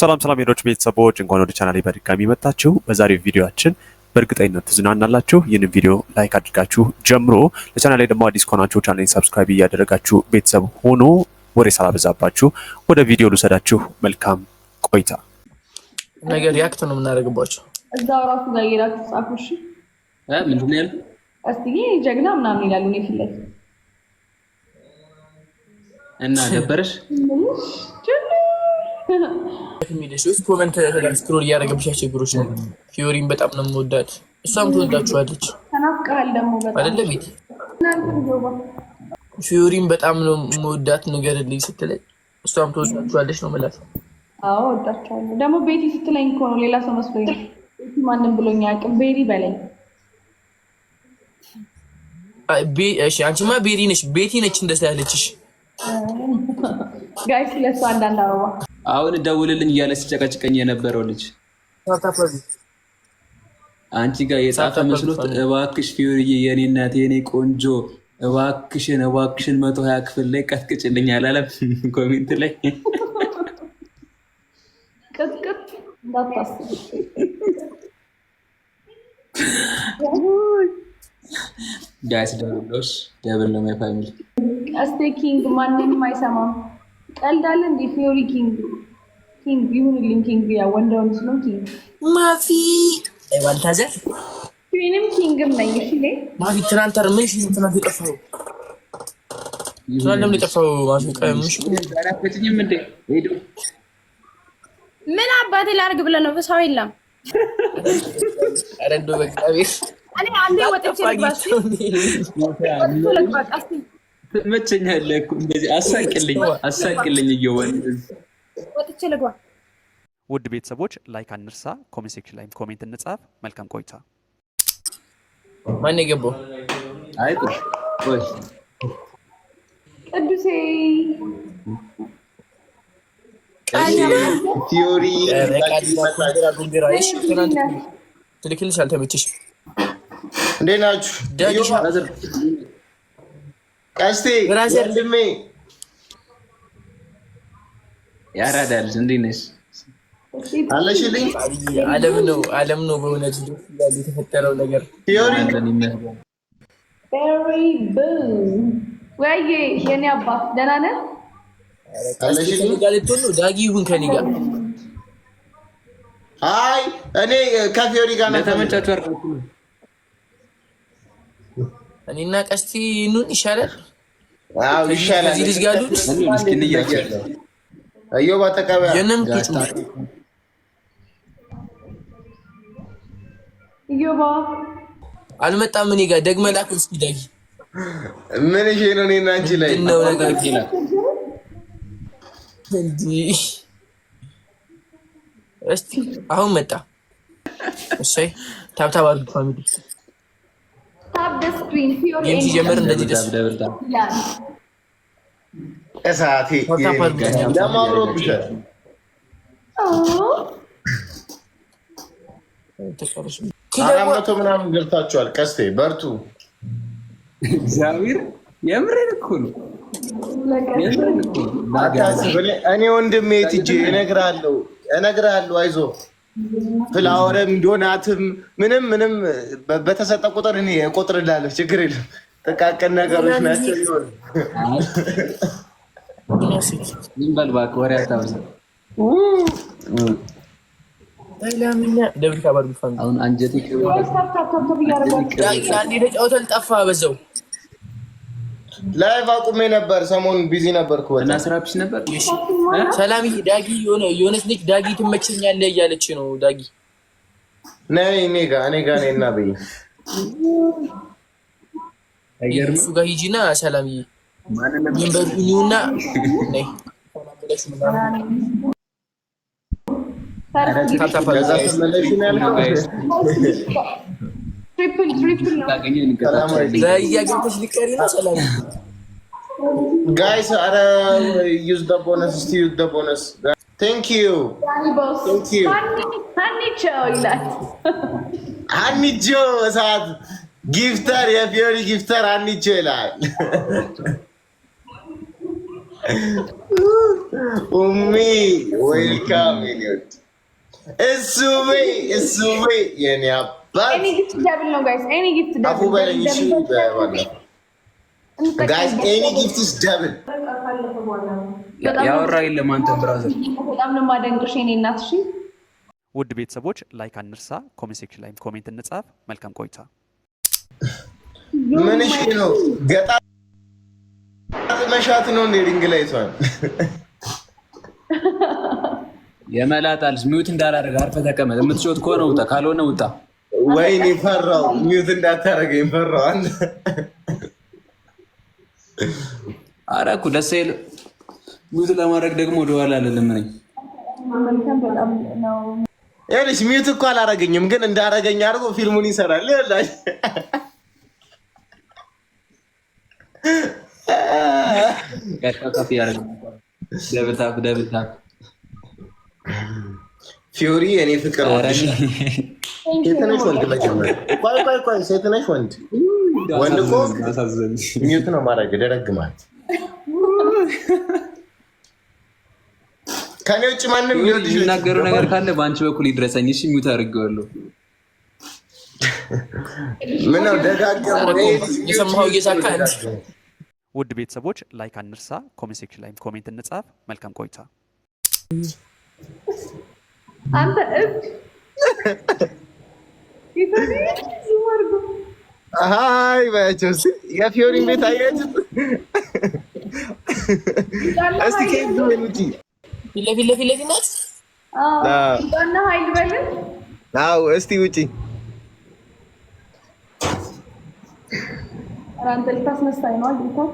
ሰላም ሰላም ሄዶች ቤተሰቦች እንኳን ወደ ቻናሌ በድጋሚ መጣችሁ። በዛሬው ቪዲዮችን በእርግጠኝነት ትዝናናላችሁ። ይህንን ቪዲዮ ላይክ አድርጋችሁ ጀምሮ ለቻናሌ ደግሞ አዲስ ከሆናችሁ ቻናሌን ሰብስክራይብ እያደረጋችሁ ቤተሰብ ሆኖ ወሬ ሳላበዛባችሁ ወደ ቪዲዮ ልውሰዳችሁ። መልካም ቆይታ። ነገ ሪያክት ነው የምናደርግባቸው። እዛው ራሱ ላይ እየሄዳችሁ ጻፉ። እሺ ምንድን ነው ያለው? እስኪ ጀግና ምናምን ይላሉ። እኔ ፊት ለፊት እና ደበረሽ የሚደሽ ኮመንት ስክሮል እያደረገብሽ ያስቸግሮች ነው። ፊዮሪን በጣም ነው የምወዳት፣ እሷም ትወዳችኋለች አይደለ? ቤት ፊዮሪን በጣም ነው የምወዳት ንገርልኝ ስትለኝ እሷም ትወዳችኋለች ነው የምላት። አዎ ወዳችኋለሁ። ደግሞ ቤቲ ስትለኝ እኮ ነው ሌላ ሰው መስሎኝ። ማንም ብሎኝ አያውቅም። ቤሪ በለኝ። አንቺማ ቤሪ ነች፣ ቤቲ ነች እንደስላለችሽ ጋይ ስለሱ አንዳንድ አበባ አሁን ደውልልኝ እያለ ሲጨቀጭቀኝ የነበረው ልጅ አንቺ ጋር የጻፈ መስሎት እባክሽ ፊዮርዬ፣ የኔ እናት፣ የኔ ቆንጆ እባክሽን እባክሽን መቶ ሀያ ክፍል ላይ ቀጥቅጭልኝ አላለም? ኮሜንት ላይ ቅጥቅጥ እንዳታስብ ጋይስ። ደብል ነው የፋሚሊ ማንም አይሰማም። ቀልዳለ እንዲ ፊዮሪ ኪንግ ኪንግ ይሁንልኝ። ኪንግ ያ ወንድ ወንድ ነው። ኪንግ ማፊ ባልታዘር ኪንም ኪንግም ነኝ። እሺ ማፊ ትናንት አርመሽ ትናንት የጠፋው ትናንት የጠፋው ማፊ ቀምሽ ምን አባቴ ላርግ ብለህ ነው? ሰው የለም። አረ እንደው እኔ አንዴ ወጥቼ ልግባ። ትመቸኛለህ እንደዚህ አሳቅልኝ አሳቅልኝ እየወን ወጥቼ ልግባ። ውድ ቤተሰቦች ላይክ አንርሳ፣ ኮሜንት ሴክሽን ላይ ኮሜንት እንጻፍ። መልካም ቆይታ። ማን የገባው? አይ ቅዱሴ ቲዮሪ ትልክልሻል። ተመችሽ? እንዴት ናችሁ? ቀስቴ ወንድሜ ያራዳል እንዴት ነሽ? አለሽልኝ። አለም ነው አለም ነው በእውነት የተፈጠረው ነገር ወይ የኔ አባት ደህና ነህ? ዳጊ ይሁን ከኔ ጋር አይ እኔ ከፊዮሪ ጋር ነው ተመቻችሁ። እኔና ቀስቲ ኑን ይሻላል። አዎ ይሻላል። እዚህ ልጅ አልመጣም። እኔ ጋር ደግመህ ላክ እስኪ ዳጊ ምን ይሄ ነው? እኔና አንቺ ላይ ነው ነገር እስቲ አሁን መጣ። እሺ ታብታብ አድርግ ፋሚሊ ሲጀምር እንደዚህ ደስ እሳቴ ምናምን ገብታችኋል። ቀስቴ በርቱ። እግዚአብሔር የምሬን እኮ ነው። እኔ ወንድሜ የትጄ እነግርሃለሁ፣ እነግርሃለሁ አይዞህ ፍላወርም ዶናትም ምንም ምንም በተሰጠ ቁጥር እኔ ቁጥር እላለሁ። ችግር የለም። ጥቃቅን ነገሮች ናቸው። ሆን አንጀቴ ተጫውተን ጠፋ በዛው ላይቭ አቁሜ ነበር። ሰሞኑን ቢዚ ነበርኩ እና ስራ ቢስ ነበር። ሰላም ዳጊ፣ የሆነ የሆነች ልጅ ዳጊ ትመቸኛለህ እያለች ነው። ዳጊ ነይ እኔ ጋ እኔ ጋ ነይ እና በይ እሱ ጋር ሂጂና ሰላም ነይ ታታፋ ነው እያገኝተሽ ሊቀሪ ነው። ሰላም ጋይስ፣ ኧረ ዩዝ ደ ቦነስ እስቲ ዩዝ ደ ቦነስ። ቴንክ ዩ ሀኒቾ እሳት ጊፍተር፣ የፊዮሪ ጊፍተር ሀኒቾ ይላል። ኡሚ ዌልካም እሱቤ እሱቤ የኔ አባ ያወራ የለም። አንተ ብራዘር በጣም ነው የማደንቅሽ የእኔ እናት። እሺ ውድ ቤተሰቦች ላይክ አንርሳ፣ ኮሜንት ሴክሽን ላይ ኮሜንት እንጻፍ። መልካም ቆይታ። ምን እሺ ነው ገጣ መሻት ነው እንደ ድንግ ላይ ይቷል የመላጣልስ ሚዩት እንዳላደርግ አርፈህ ተቀመጥ። የምትሾት ከሆነ ውጣ፣ ካልሆነ ውጣ። ወይን ይፈራው ሚውት እንዳታረገኝ ይፈራዋል። አንድ ኧረ እኮ ደስ ይላል። ሚውት ለማድረግ ደግሞ ወደኋላ አይደለም እኔ ይኸውልሽ፣ ሚውት እኮ አላረገኝም፣ ግን እንዳረገኝ አድርጎ ፊልሙን ይሰራል። ይኸውልሽ ፊዮሪ፣ የኔ ፍቅር ወድሻለሁ ሴትነሽ ወንድ መጀመሪያ ቆይ ቆይ ቆይ ወንድ ወንድ እኮ ሚዩት ነው ማድረግ ከኔ ውጭ ማንም የሚናገሩ ነገር ካለ በአንቺ በኩል ይድረሰኝ እሺ ሚዩት አድርጌዋለሁ ምነው እየሳካ ውድ ቤተሰቦች ላይክ አንርሳ ኮሜንት ሴክሽን ላይ ኮሜንት እንጻፍ መልካም ቆይታ አንተ አይ ባያቸው ስል የፊዮሪን ቤት አያችሁ። እስቲ ከይዱ ወንጂ ለፊት ለፊት ለፊት ናት። አዎ እና ኃይል በልን። አዎ እስቲ ውጪ።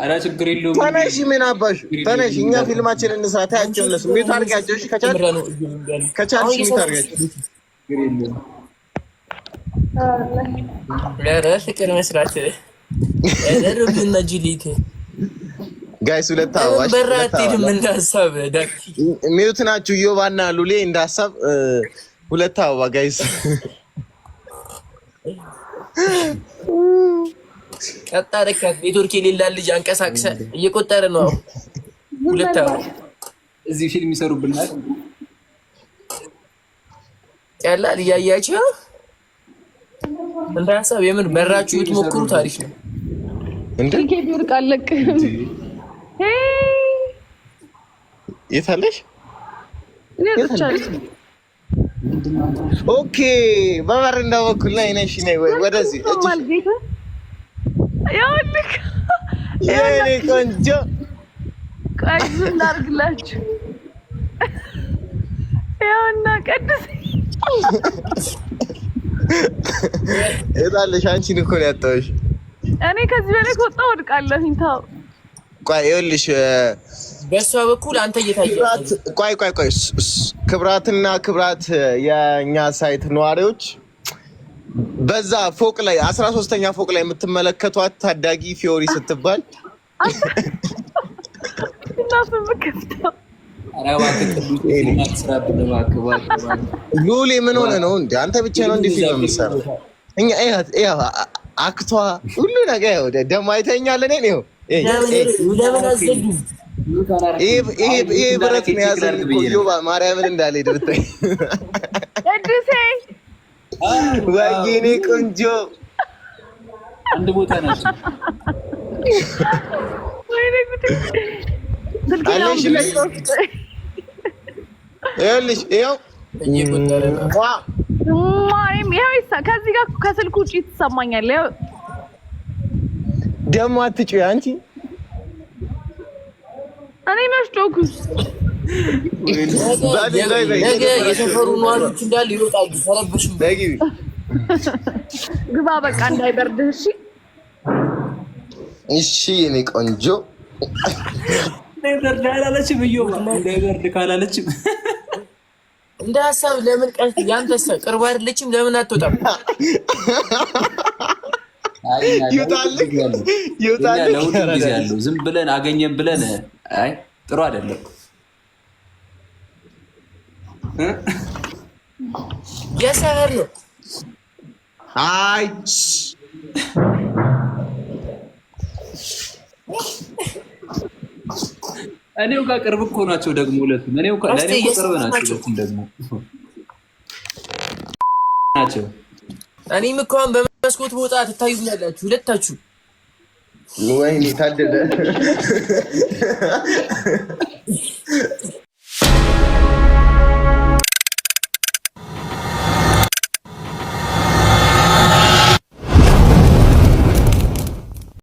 ኧረ ችግር የለውም። ተነሽ፣ ምን አባሽ ተነሽ። እኛ ፊልማችን እንስራ። ታያቸው እነሱ ሚዩት አድርጊያቸው። እሺ ከቻልሽ ሚዩት አድርጊያቸው። ፍቅር መስራት ያደረጉና ጅሊት ጋይስ ሁለት ሚዩት ናችሁ። ዮባና ሉሌ እንደ ሀሳብ ሁለት አበባ ጋይስ ቀጣ ኔትወርክ የሌላ ልጅ አንቀሳቅሰ እየቆጠረ ነው። ሁለት አበባ እዚህ ፊልም ይሰሩብናል። ቀላል እያያቸው እንደ ሀሳብ የምን በራችሁ የምትሞክሩት አሪፍ ነው። እንዴት ወርቅ አለቅም። የት አለሽ? ኦኬ በበረንዳ በኩል ላይ ነሽ። ነይ ወይ ወደዚህ የኔ ቆንጆ ቀዙ እናርግላችሁ። ይኸውና ቅድስት እጣለሽ አንቺን እኮ ነው ያጣሁሽ። እኔ ከዚህ በላይ ከወጣ ወድቃለሁ። ተው ቆይ ይኸውልሽ፣ በእሷ በኩል አንተ እየታየህ ቆይ ቆይ ቆይ። ክብራትና ክብራት የእኛ ሳይት ነዋሪዎች በዛ ፎቅ ላይ አስራ ሶስተኛ ፎቅ ላይ የምትመለከቷት ታዳጊ ፊዮሪ ስትባል እና ሉሌ ምን ሆነ ነው እንዴ? አንተ ብቻ ነው እንዴ ፊልም የምትሰራው? እኛ አክቷ ሁሉ ነገር ያው ደሞ አይተኛል። እኔ ይሄ ብረት ነው ያዘኝ ዮባ ማርያምን እንዳልሄድ ብታይ ቅዱሴ ወጌኔ ቆንጆ አንድ ቦታ ናቸው። ይኸውልሽ ከዚህ ጋር ከስልክ ውጭ ትሰማኛለህ። ይኸው ደግሞ አትጩ አንቺ እኔ መች ነገ የሰፈሩ ነዋሪዎች እንዳለ ይወጣሉ። ተረብሽም ግባ በቃ እንዳይበርድህ። እሺ እሺ፣ የኔ ቆንጆ እንዳይበርድ አላለችም። እዮብማ እንዳይበርድ ካላለችም እንደ ሀሳብ ለምን ቀስ ያንተስ ቅርብ አይደለችም? ለምን አትወጣም? ለሁሉም ጊዜ አለው። ዝም ብለን አገኘን ብለን አይ ጥሩ አይደለም። የሰህር ነው አይ እኔው ጋር ቅርብ እኮ ናቸው ደግሞ ሁለቱም። እኔው ጋር ለእኔ ቅርብ ናቸው ሁለቱም ደግሞ ናቸው። እኔም እኮ አሁን በመስኮት ቦታ ትታዩኛላችሁ ሁለታችሁ። ወይኔ ታደለ